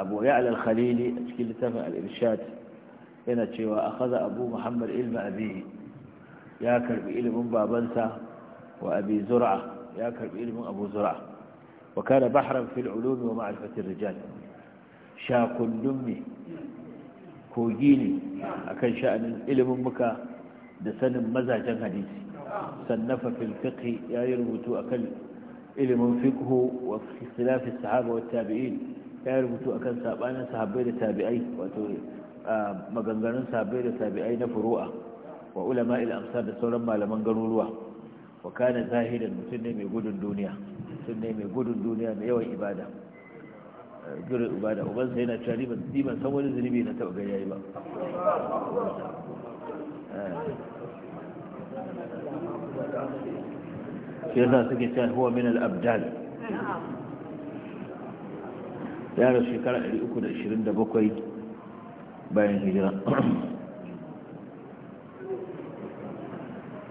B: abu ya al-khalili a cikin littafin al yana cewa akhadha abu muhammad ilma abihi ya karbi ilimin babansa wa abi zur'a ya karbi ilimin abu zur'a wa kana bahran fil ulum wa ma'rifati rijal shakundun ne kogi ne akan sha'anin ilimin muka da sanin mazajen hadisi sannafa fil fiqh ya yi rubutu akan ilimin fiqh wa ikhtilaf as-sahaba wa ya yi rubutu akan sabanin sahabbai da tabi'ai wato maganganun sahabbai da tabi'ai na furu'a wa ulama da sauran malaman garuruwa wa zahidan mutum ne mai gudun duniya mutum ne mai gudun duniya mai yawan ibada ubansa yana cewa ni san wani zunubi na taɓa gani ba eh.
C: shi yasa suke cewa
B: huwa min al-abdal yaro shekara 327 bayan hijira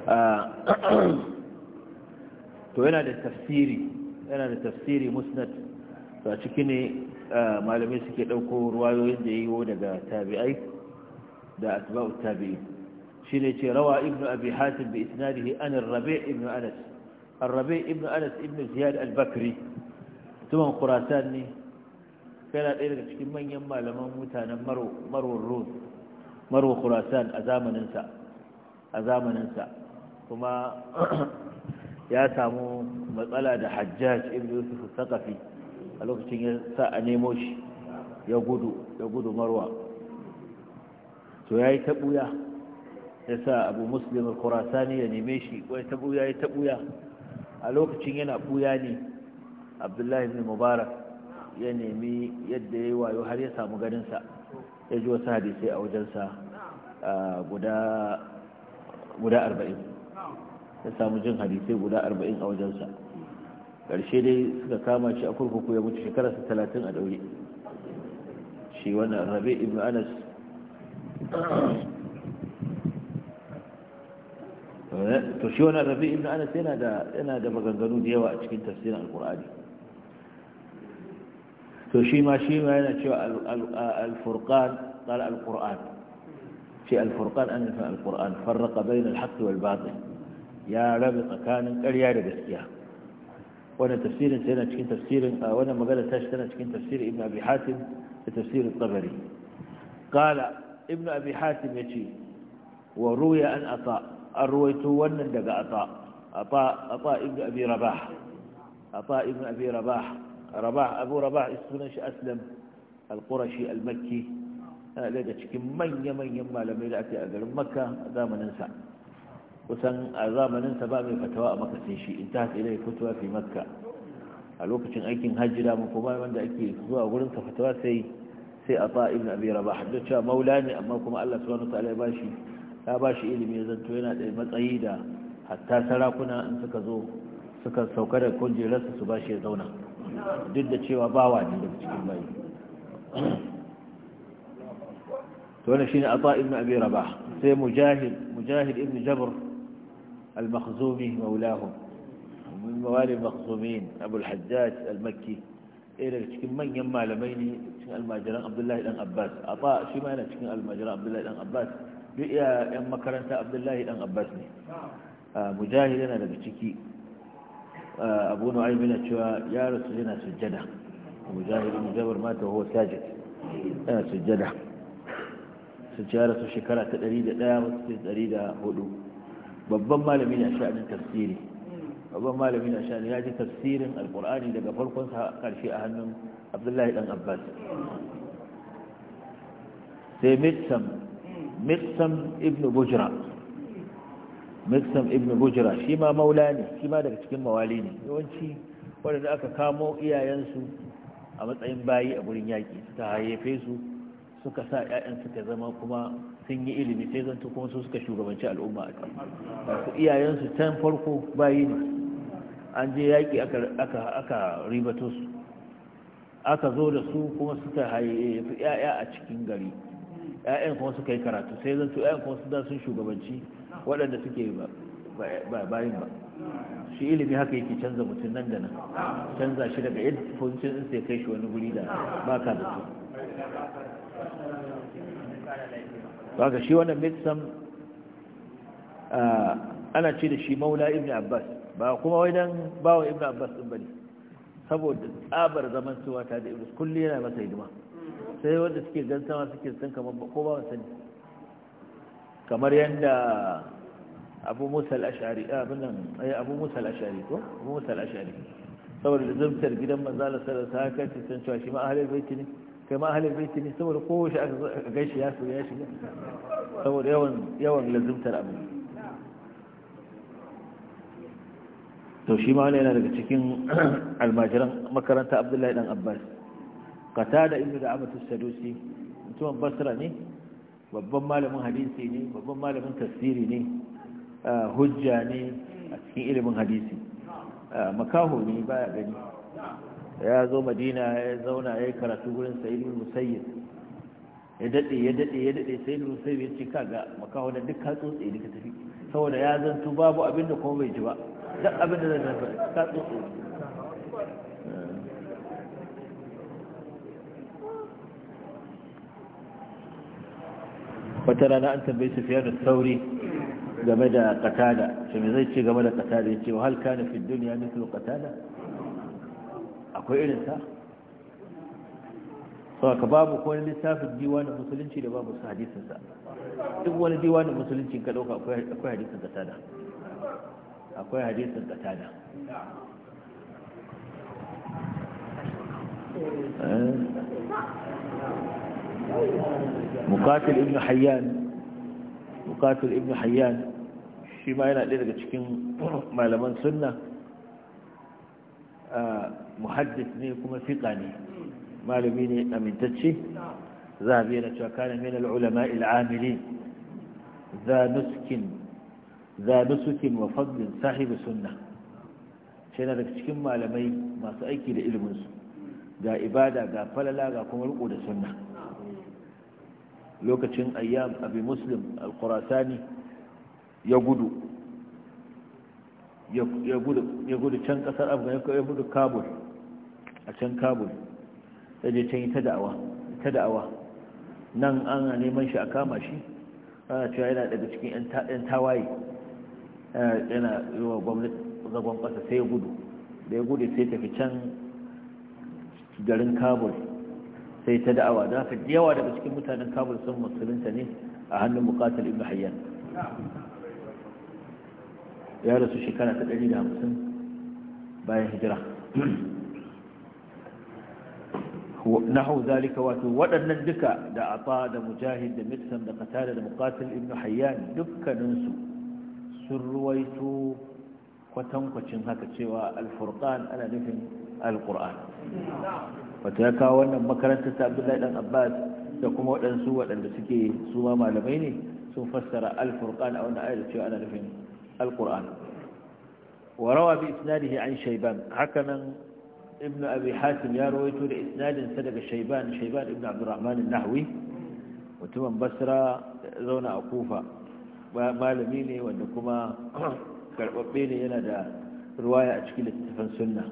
B: ah, to yana da tafsiri yana da tafsiri musnad a ciki ne ah, malamai suke ɗauko ruwayoyin da yi daga tabi'ai da asba'ut tabi'i ne ce rawa ibnu abi hatim bi isnadihi an ar-rabi' ibnu anas ar-rabi' ibnu anas ziyad al-bakri tuman khurasan ne kana ɗaya daga cikin manyan malaman mutanen maro maro rum maro khurasan a zamanin sa a zamanin sa kuma ya samu matsala da hajjaj ibnu yusuf al-thaqafi a lokacin ya sa a nemo shi ya gudu ya gudu marwa to yayi ta buya ya sa abu muslim al-kurasani ya neme shi wai ta buya ya ta buya a lokacin yana buya ne abdullahi ibn mubarak ya nemi yadda ya yi wayo har ya samu ganinsa ya ji wasu hadisai a wajensa guda arba'in ya samu jin hadisai guda arba'in a wajensa ƙarshe dai suka kama shi a kurkuku ya mutu shekararsa talatin a ɗauri shi wannan rabe ibn anas to shi wani rabi ibn anas yana da yana da maganganu da yawa a cikin tafsirin alqur'ani to shi ma shi ma yana cewa al-furqan qala al shi al an fa al-qur'an farraqa bayna al wal batil ya rabi tsakanin ƙarya da gaskiya wannan tafsirin sai yana cikin tafsirin wannan magana ta shi tana cikin tafsirin ibn abi hatim da tafsirin tabari qala ibn abi hatim yace wa ruya an asa an ruwaito wannan daga ata ata ibn abi rabah abu rabah sunan shi aslam al-qurashi al-makki daga cikin manya-manyan malamai da ake a garin makka a zamaninsa kusan a zamaninsa ba mai fatawa a maka sai shi in ta haɗe fitowa fi makka a lokacin aikin hajjira mun kuma wanda ake zuwa gurin sa fatawa sai sai a ba ibn rabah da cewa maula ne amma kuma Allah subhanahu ta'ala ya shi. ya ba shi ilimi ya zanto yana da matsayi da hatta sarakuna in suka zo suka sauka da kujerarsa su ba shi ya zauna duk da cewa ba wa ne daga cikin bayi to wannan shine ata ibn abi rabah sai mujahid mujahid ibn jabr al-makhzumi maulahum min mawali al-makhzumin abu al-hajjaj al-makki ɗaya daga cikin manyan malamai ne cikin almajiran abdullahi dan abbas ata shi ma yana cikin almajiran abdullahi dan abbas duk iya yan makaranta abdullahi dan abbas ne ah, mujahid yana daga ciki ah, abu nu'aym yana cewa ya rasu yana sujjada mujahid ibn jabr mata huwa sajid yana sujjada sun ci ya rasu shekara ta 101 wasu 104 babban malami ne a sha'anin tafsiri mm. babban malami na shani ya ji tafsirin alkur'ani daga farkon sa karshe a hannun abdullahi dan abbas mm. sai mitsam miqsam ibn bujra miqsam bujra shi maula ne shima daga cikin mawali ne yawanci waɗanda aka kamo iyayensu a matsayin bayi a gurin yaƙi suka hayyafe su suka sa 'ya'yan suka zama kuma sun yi ilimi sai zanto kuma su suka shugabanci al'umma a kan iyayensu can farko bayi ne an je yaƙi aka ribato su aka zo da su kuma suka hayyafi 'ya'ya a cikin gari ƴaƴan kuma suka yi karatu sai zan to ƴaƴan kuma su sun shugabanci waɗanda suke ba bayin ba shi ilimi haka yake canza mutum nan da nan canza shi daga yadda position din sai kai shi wani guri da ba ka da
C: su ba shi wannan
B: mitsam ana ce da shi maula ibn abbas ba kuma wai dan bawa ibn abbas din bane saboda tsabar zaman suwata da ibn kulli yana masa hidima sai wanda suke gan sama suke san kamar ko ba sani kamar yadda abu musa al-ash'ari eh, abu nan ai eh, abu musa al-ash'ari ko abu musa al-ash'ari saboda da zumtar gidan manzo Allah sallallahu alaihi wasallam sai san cewa shi ma ahlul baiti ne kai ma ahlul baiti ne saboda ko shi aka gaishe ya so ya shiga saboda yawan yawan lazumtar abu to shi ma ne yana daga cikin almajiran makaranta Abdullahi dan Abbas qatada ibnu da'amatu as-sadusi mutumin basra ne babban malamin hadisi ne babban malamin tafsiri ne hujja ne a cikin ilimin hadisi makaho ne baya gani ya zo madina ya zauna ya yi karatu gurin sayyidul musayyib ya dade ya dade ya dade sayyidul musayyib ya ce kaga makaho da duk ka tsotse duka tafi saboda ya zantu babu abin da kuma bai ji ba duk abin da zan faɗi ka tsotse wata rana an tambayi fiye da sauri game da katada shi mai zai ce game da katada ya ce wahal kana fi duniya mithlu katada akwai irin sa ka babu ko wani littafin diwanin musulunci da babu su hadisin sa duk wani diwanin musulunci ka dauka akwai hadisin katada akwai hadisin katada
C: eh? mukatil ibn hayyan
B: mukatil ibn hayyan shi ma yana ɗaya daga cikin malaman sunna ah, muhaddis ne kuma fiƙa ne malami ne amintacce za a biya na cewa kana min al'ulama il'amiri za nuskin za nusukin wa fadlin sahibi sunna shi yana daga cikin malamai masu aiki da ilminsu ga ibada ga falala ga kuma riko da sunna lokacin ayyam abi muslim al-qurasani ya gudu ya gudu can kasar afghanistan ya gudu kabul a can kabul da je can yi ta da'awa nan an neman shi a kama shi ana cewa yana daga cikin 'yan tawaye yana yi wa gwamnati zagon ƙasa sai ya gudu da ya gudu sai tafi can garin kabul sai ta da'awa da haka yawa daga cikin mutanen kabul sun musulunta ne a hannun mukatal ibn hayyan ya rasu shekara ta 150 bayan hijira nahu zalika wato waɗannan duka da afa da mujahid da mitsam da qatada da muqatil ibn hayyan dukkaninsu sun ruwaito kwatankwacin haka cewa alfurkan ana nufin al wato ya kawo wannan makarantar ta abdullahi dan abbas da kuma waɗansu waɗanda suke su ma malamai ne sun fassara alfurqan a wannan ayar cewa ana nufin alqur'an wa rawa bi isnadihi an shayban hakanan ibnu abi hatim ya rawaito da isnadin sa daga shayban shayban ibnu abdurrahman an-nahwi mutumin basra zauna a kufa malami ne wanda kuma karɓaɓɓe ne yana da ruwaya a cikin littattafan sunna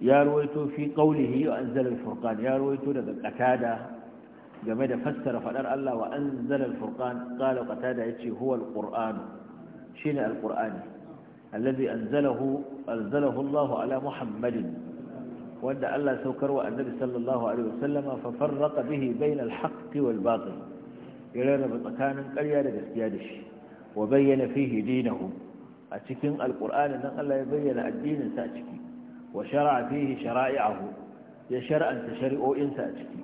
B: ya ruwaito fi qawlihi wa anzala al-furqan ya ruwaito daga qatada game da fassara fadar Allah wa anzala al-furqan qala qatada yace huwa al-qur'an shine al-qur'ani alladhi anzalahu anzalahu Allah ala Muhammadin wanda Allah saukar wa annabi sallallahu alaihi wasallama fa farraqa bihi bayna al-haqq wal batil yarana bi tsakanin ƙarya da gaskiya da shi wa bayyana fihi dinahu a cikin al-qur'ani nan Allah ya bayyana addinin sa a ciki wa shara'a fihi shara'i'ahu ya shar'anta shari'o'insa a ciki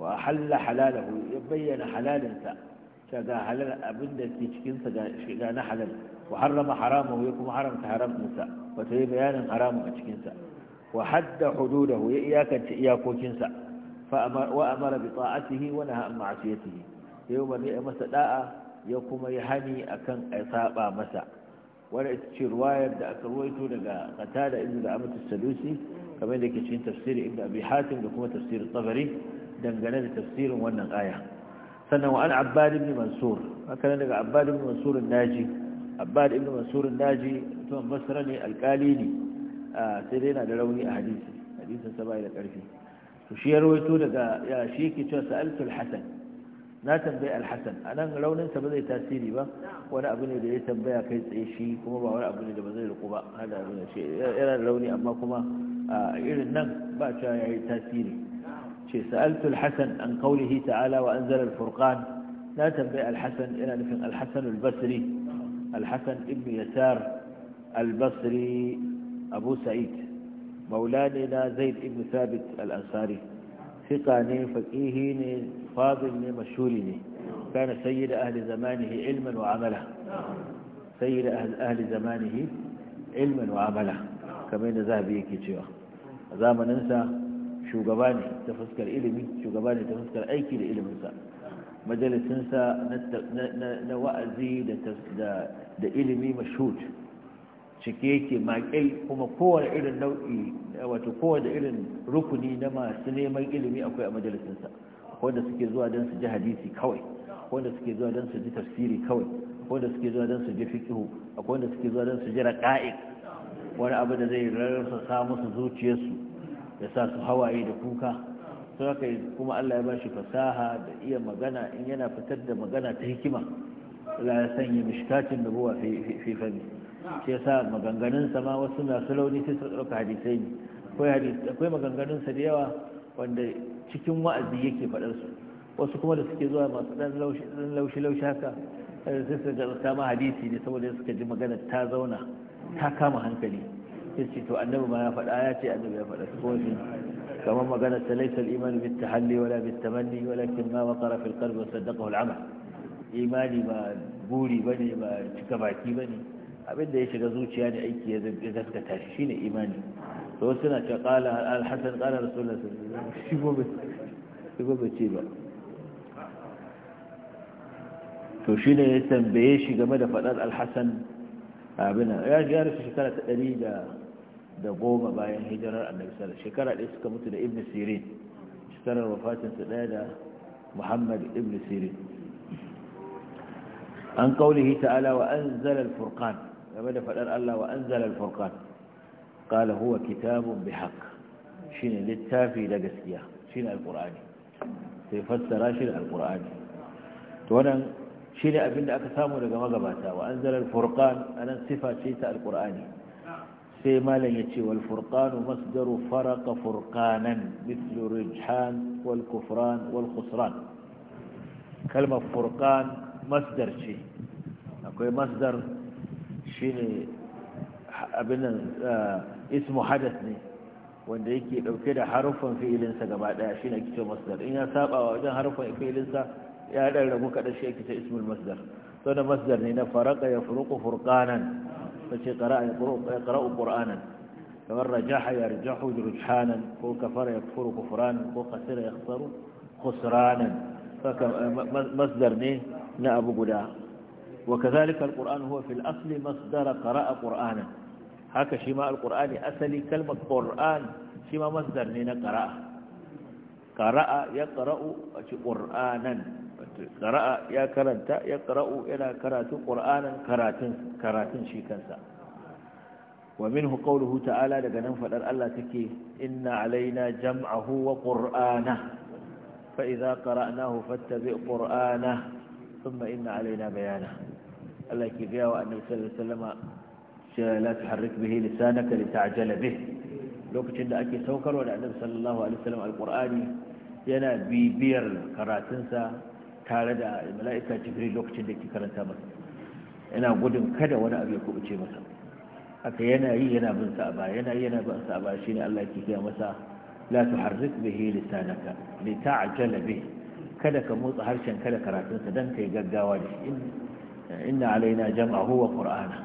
B: wa halla halalahu ya bayyana halalinsa ta ga halal abin da ke cikinsa ga shiga na halal wa harrama haramahu ya kuma haramta haramtinsa ta yi bayanin haramun a cikinsa wa hadda hududahu ya iyakance iyakokinsa wa amara bi ta'atihi wa naha an ma'asiyatihi ya umarni a masa da'a ya kuma yi hani akan a saba masa wadda ita ce ruwayar da aka ruwaito daga qatada inda da amatu salusi kamar da ke cikin tafsirin ibn abi hatim da kuma tafsirin tabari dangane da tafsirin wannan aya sannan wa an abbad ibn mansur haka daga abbad ibn mansur naji abbad ibn mansur naji mutumin basra ne alkali ne sai dai yana da rauni a hadisi hadisin sa bai da karfi to shi ya ruwaito daga ya shi ke cewa sa'altu hasan na tambayi alhassan a nan rauninsa ba zai tasiri ba wani abu ne da ya tambaya kai tsaye shi kuma ba wani abu ne da ba zai riku ba abu ne yana rauni amma kuma a irin nan ba cewa ya yi tasiri ce sa'altu alhassan an kaulihi ta'ala wa an zarar furqan na tambayi alhassan yana nufin alhassan albasri alhassan ibn yasar albasri abu sa'id maula ne na zaid ibn sabit al-ansari ثقة ني فقيه ني فاضل ني مشهور ني كان سيد أهل زمانه علما وعملا سيد أهل, أهل زمانه علما وعملا كما إن ذهبي كتوى زام ننسى شوغباني تفسكر إلمي شوغباني تفسكر أيكي لإلمنسى مجلس ننسى نوأزي دا, دا, دا إلمي مشهود cike yake maƙil kuma kowane irin nau'i wato kowane irin rukuni na masu neman ilimi akwai a majalisinsa wanda suke zuwa don su ji hadisi kawai wanda suke zuwa don su ji tafsiri kawai wanda suke zuwa don su ji fiqhu akwai wanda suke zuwa don su ji raƙa'i wani abu da zai rarrasa sa musu zuciyarsu ya sa su hawaye da kuka sun haka kuma Allah ya bashi fasaha da iya magana in yana fitar da magana ta hikima Allah ya sanya mishkatin buwa fi fami ke sa maganganun sa ma wasu masu launi sai su ɗauka hadisai ne akwai maganganun sa da yawa wanda cikin wa'azi yake faɗar su wasu kuma da suke zuwa masu ɗan laushi laushi haka eh, sai su ga kama hadisi ne saboda suka ji magana ta zauna ta kama hankali sai ce to annabi ma ya faɗa ya ce annabi ya faɗa ko shi kamar magana ta laisa al-iman bit tahalli wala bit tamanni walakin ma waqara fil qalbi wa saddaqahu al-amal imani ba buri bane ba cika baki bane abinda ya shiga zuciya ne aiki ya gaskata shi shine imani to suna ce qala al-hasan qala rasulullah sallallahu alaihi wasallam shi ba to shi ne ya tambaye shi game da faɗar alhassan abin ya ji ya rufe shekara ta ɗari da goma bayan hijirar annabi sallar shekara ɗaya suka mutu da ibn sirin shekarar wafatinsa ɗaya da muhammad ibn sirin an kaulihi ta'ala wa an game da faɗar Allah wa anzala al-furqan qala huwa kitabun Shi ne littafi da gaskiya shi ne Alƙur'ani. sai fassara shi da Alƙur'ani. to wannan shine abin da aka samu daga magabata wa anzala al-furqan sifa ce ta Alƙur'ani. sai malam yace wal furqan masdaru faraqa furqanan mithlu rijhan wal kufran wal khusran kalmar furqan masdar ce akwai masdar shine abinan eh, ismu hadas ne wanda yake dauke da harufan fi'ilinsa gaba daya shine ake cewa masdar in ya saba wa wajen harufan fi'ilinsa ya dan rabu kada shi ake cewa ismul masdar to da masdar ne na faraka ya furuqu furqanan kace qara'a yaqra'u qur'anan kamar rajaha yarjahu rujhanan ko kafara yakfuru kufranan ko khasira yakhsaru khusranan saka eh, masdar ne na abu guda وكذلك القرآن هو في الأصل مصدر قرأ قرآنا haka shi ma alkur'ani asali kalmar ƙor'an ne na ƙara'a ƙara'a ya ƙara'u a ci ƙor'anan ya karanta ya yana karatun ƙor'anan karatun shi kansa wa min hukauluhu ta'ala daga nan faɗar Allah take inna alaina jam'ahu wa ƙor'ana fa'iza ƙara'nahu fattabi ƙor'ana ثم إن علينا بيانه Allah ke gaya wa annabi sallallahu alaihi wasallama cewa la tuharrik bihi lisanaka lita'jala bih lokacin da ake saukarwa da annabi sallallahu alaihi wasallam alqur'ani yana bibiyar karatun sa, tare da mala'ika jibril lokacin da ke karanta masa yana gudun kada wani abu ya kubuce masa haka yana yi yana bin sa ba yana yi yana bin sa ba shine Allah ke gaya masa la tuharrik bihi lisanaka lita'jala bih kada ka motsa harshen kada karatun sa, dan kai gaggawa da shi inna alaina jam'ahu wa qur'ana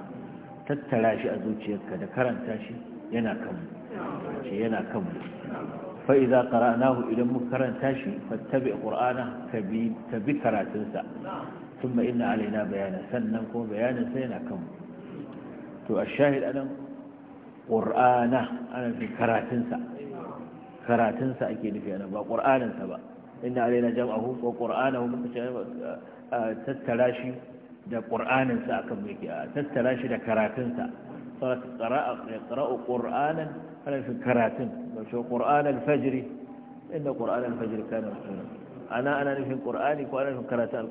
B: tattara shi a zuciyarka da karanta shi yana kan shi yana kan fa idza qara'nahu idan muka karanta shi fattabi qur'ana tabi tabi karatunsa thumma inna alaina bayana sannan kuma bayanin sa yana kan to ash-shahid anan qur'ana ana fi karatunsa karatunsa ake nufi ana ba qur'aninsa ba inna alaina jam'ahu wa qur'anahu muka tattara shi da ƙur'aninsa akan mulki a tattara shi da karatunsa sarrafa ƙara'u ƙur'anin harafin karatun wato ƙur'an alfajiri inda suna ana nufin ƙur'ani ko ana nufin karatun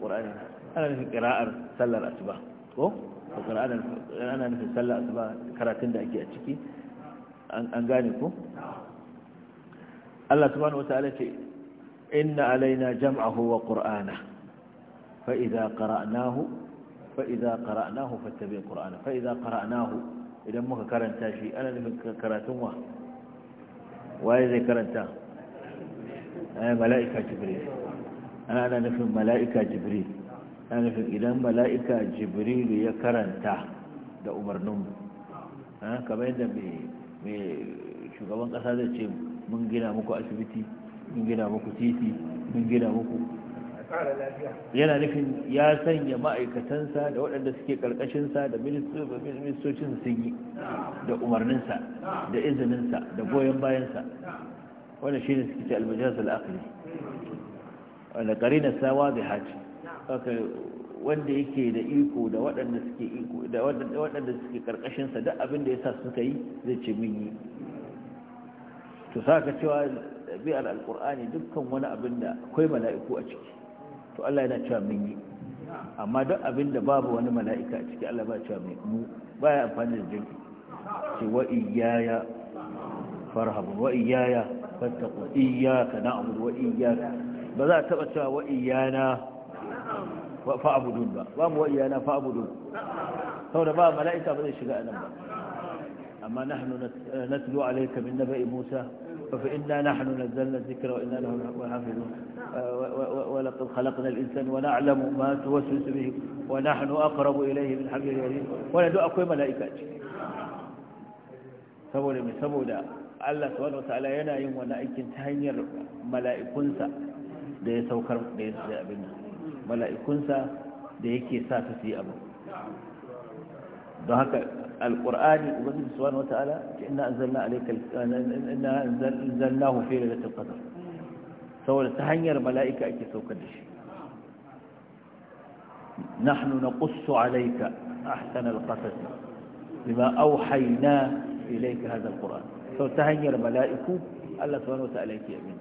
B: ana nufin ƙira'ar sallar asuba ko ana nufin sallar asuba karatun da a ciki an gane Allah subhanahu wa ta'ala ce inna alaina jam'ahu wa qur'ana fa idza qara'nahu fa'iza qara'nahu fattabi qur'ana fa'iza qara'nahu idan muka karanta shi ana nufin karatun waye zai karanta mala'ika jibril ana nufin idan mala'ika ya karanta da umarnin mu kamar yadda mai shugaban kasa zai ce mun gina muku asibiti mun gina muku titi mun gina muku yana nufin ya sanya ma'aikatansa da waɗanda suke ƙarƙashinsa da ministocin sun yi da umarninsa da izininsa da goyon bayansa wanda shi ne suke ce almajas al'akali wanda na sawa da haci wanda yake da iko da waɗanda suke iko da waɗanda suke ƙarƙashinsa duk abin da ya sa suka yi zai ce mun yi to sa ka cewa bi'ar alƙur'ani dukkan wani abin da akwai mala'iku a ciki to Allah yana cewa mun yi amma duk abin da babu wani mala'ika a ciki Allah ba cewa mu baya amfani da jinki ce wa iyaya farhabu wa iyaya fattaku iyaka na'budu wa iyaka ba za a taba cewa wa iyana fa'budun ba ba mu wa iyana fa'budun saboda ba mala'ika ba zai shiga anan ba amma na hannu nahnu natlu alayka na bai Musa فإنا نحن نزلنا الذكر وإنا له حافظون ولقد خلقنا الإنسان ونعلم ما توسوس به ونحن أقرب إليه من حبل الوريد ولدو أكوي ملائكة saboda mai saboda Allah subhanahu wataala yana yin wani aikin ta hanyar mala'ikunsa da ya saukar mala'ikunsa da sa su yi don haka القرآن يقول سبحانه وتعالى إنا أنزلنا عليك ال... إنا أنزلناه في ليلة القدر سوى تهنير ملائكة أكي سوك نحن نقص عليك أحسن القصص بما أوحينا إليك هذا القرآن سوى تهنير ملائكة الله سبحانه وتعالى يكي أمين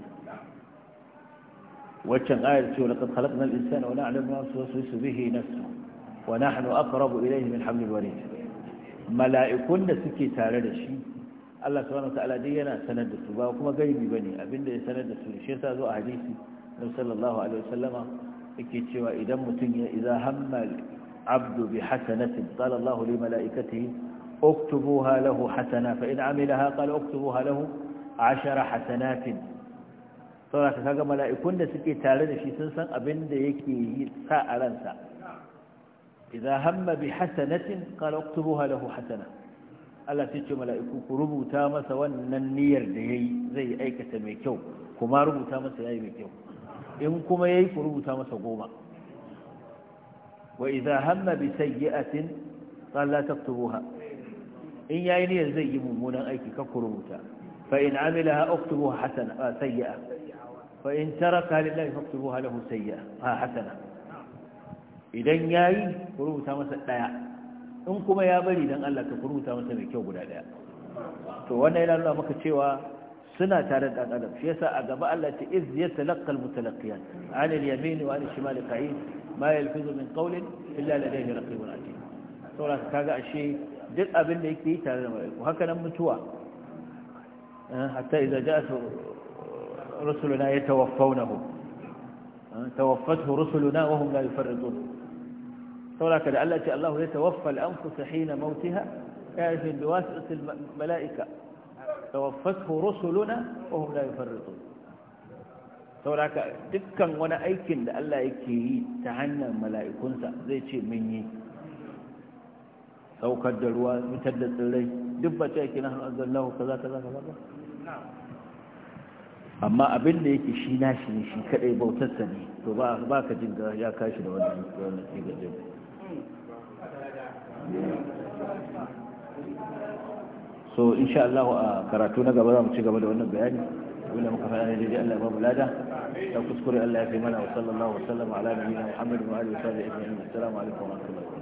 B: وكان آية ولقد خلقنا الإنسان ونعلم ما وسوس به نفسه ونحن أقرب إليه من حمل الوريد mala'ikun da suke tare da shi Allah subhanahu wataala dai yana sanar da su ba kuma gaibi bane abinda ya sanar da su shi yasa zo a hadisi na sallallahu alaihi wasallama yake cewa idan mutum ya idza hamma abdu bi hasanatin qala Allah li mala'ikatihi uktubuha lahu hasana fa in amilaha qala uktubuha lahu ashara hasanatin saboda kaga mala'ikun da suke tare da shi sun san abinda yake yi sa a ransa idza hamma bi hasanatin qala uktubuha lahu hasana Allah sai ce mala'iku ku rubuta masa wannan niyyar da yayi zai aikata mai kyau kuma rubuta masa yayi mai kyau in kuma yayi ku rubuta masa goma wa idza hamma bi sayyi'atin qala la taktubuha in yayi niyyar zai yi mummunan aiki ka ku rubuta fa in fa in lahu idan ya yi ku masa ɗaya in kuma ya bari don Allah ka rubuta masa mai kyau guda ɗaya to wannan yana nuna maka cewa suna tare da adam shi yasa a gaba Allah ta iz ya talaqqal mutalaqqiyan an al-yamin wa an al-shimal qa'id ma yalfizu min qawlin illa ladayhi raqibun atid saboda ga ashe duk abin da yake tare da malaiku haka nan mutuwa eh, hatta idza ja'a rusuluna yatawaffawnahu eh, tawaffatuhu rusuluna wa hum la yufarridun saboda da Allah ce Allah ya tawaffa al-anfus hina mautaha kafin bi wasi'atil malaika tawaffathu rusuluna wa ya fara yufarritun saboda dukkan wani aikin da Allah yake yi ta hannun mala'ikunsa zai ce mun yi saukar da ruwa fitar da tsirrai duk ba ta yake na hannun azallahu kaza kaza kaza ba amma abin da yake shi nashi ne shi kadai bautarsa ne to ba ka jin ya kashi da wannan wannan so insha Allah a karatu na gaba za mu ci gaba da wannan bayani abinda muka faɗa ne daidai Allah ya babu lada da kuskure Allah ya fi mana wa sallallahu wa sallama ala nabiyina Muhammad wa alihi wa sahbihi ajma'in assalamu alaikum wa rahmatullahi